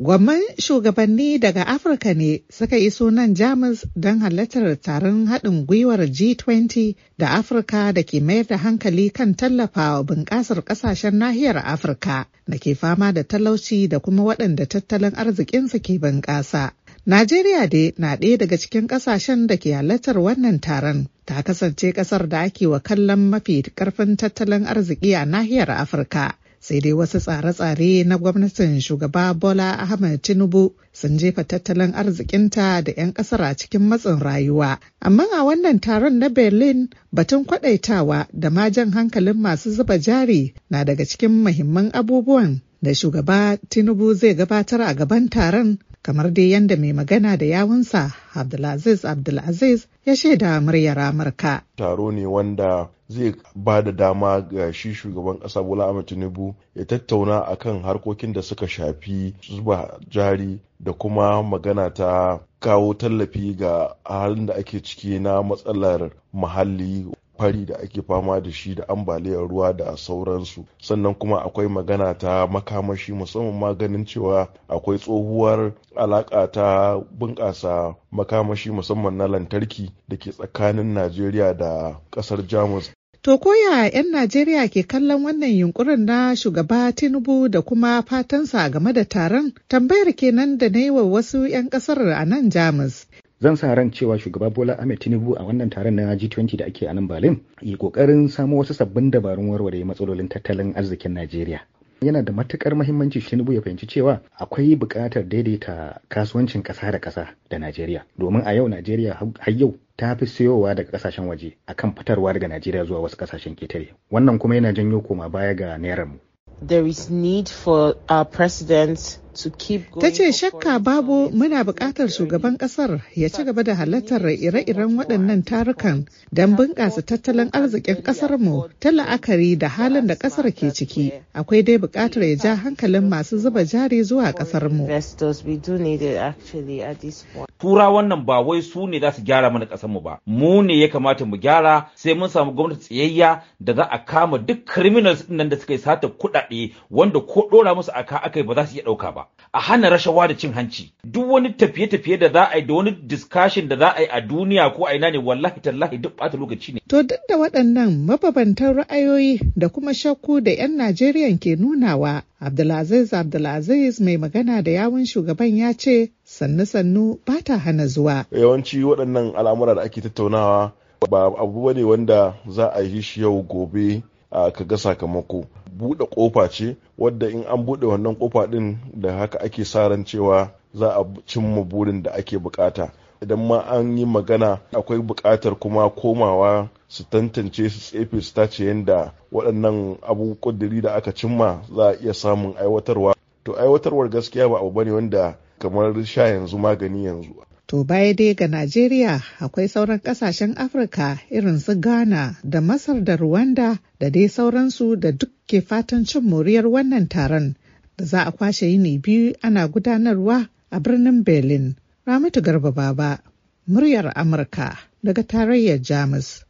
Gwamman shugabanni daga Afirka ne suka iso nan Jamus don halartar taron haɗin gwiwar G20 da Afirka da ke mayar da hankali kan tallafawa bunƙasar ƙasashen nahiyar Afirka da ke fama da talauci da kuma waɗanda tattalin arzikinsu ke bunƙasa. Najeriya dai na ɗaya daga cikin ƙasashen da ke halartar wannan taron ta kasance ƙasar da ake wa kallon mafi ƙarfin tattalin arziki a nahiyar Afirka. sai dai wasu tsare-tsare na gwamnatin shugaba bola ahmed tinubu sun jefa tattalin arzikinta da 'yan kasar a cikin matsin rayuwa amma a wannan taron na berlin batun kwadaitawa da ma jan hankalin masu zuba jari na daga cikin mahimman abubuwan da shugaba tinubu zai gabatar a gaban taron kamar dai yadda mai magana da yawunsa Abdulaziz Abdulaziz ya shaida muryar Amurka. Taro ne wanda zai ba da dama ga shi shugaban ƙasa Bola Ahmed Tinubu ya tattauna akan harkokin da suka shafi zuba jari da kuma magana ta kawo tallafi ga halin da ake ciki na matsalar muhalli fari da ake fama da shi da ambaliyar ruwa da sauransu sannan kuma akwai magana ta makamashi musamman maganin cewa akwai tsohuwar alaka ta bunƙasa makamashi musamman na lantarki da ke tsakanin najeriya da ƙasar jamus To koya 'yan Najeriya ke kallon wannan yunkurin na shugaba Tinubu da kuma fatansa game da taron tambayar kenan da na yi wa wasu 'yan kasar a nan Jamus. zan sa ran cewa shugaba bola ahmed tinubu a wannan taron na g20 da ake a nan berlin yi kokarin samo wasu sabbin dabarun warware matsalolin tattalin arzikin najeriya yana da matukar mahimmanci tinubu ya fahimci cewa akwai bukatar daidaita kasuwancin kasa da kasa da najeriya domin a yau najeriya har yau ta fi siyowa daga kasashen waje akan fitarwa daga najeriya zuwa wasu kasashen ketare wannan kuma yana janyo koma baya ga mu. there is need for our president Ta ce shakka babu muna buƙatar shugaban ƙasar ya ci gaba da halartar ire-iren waɗannan tarukan don bunƙasa tattalin arzikin ƙasarmu ta la'akari da halin da ƙasar ke ciki. Akwai dai buƙatar ya ja hankalin masu zuba jari zuwa ƙasarmu. Tura wannan ba wai su ne za su gyara mana ƙasarmu ba. Mu ne ya kamata mu gyara sai mun samu gwamnati tsayayya da za a kama duk criminals ɗin nan da suka yi sata kuɗaɗe wanda ko ɗora musu aka yi ba za su iya ɗauka ba. a hana rashawa da cin hanci duk wani tafiye-tafiye da za a yi da wani discussion da za a yi a duniya ko a ina ne wallahi tallahi duk bata lokaci ne to duk da waɗannan mababantan ra'ayoyi da kuma shakku da 'yan Najeriya ke nunawa Abdulaziz Abdulaziz mai magana da yawun shugaban ya ce sannu-sannu ba ta hana zuwa yawanci waɗannan al'amura da ake tattaunawa ba abu ne wanda za a yi shi yau gobe ka ga sakamako buɗe ƙofa ce wadda in an buɗe wannan kofa ɗin da haka ake sa ran cewa za a cimma burin da ake bukata idan ma an yi magana akwai bukatar kuma komawa su tantance su tsefe su tace yadda waɗannan abubuwan da aka cimma za a iya samun aiwatarwa to aiwatarwar gaskiya ba abu bane wanda kamar sha yanzu magani yanzu To baya dai ga Najeriya akwai sauran kasashen Afirka irin su Ghana da Masar da Rwanda da dai sauransu da duk ke fatan cin moriyar wannan taron da za a kwashe yini biyu ana gudanarwa a birnin Berlin. Ramatu Garba Baba, muryar Amurka daga tarayyar Jamus.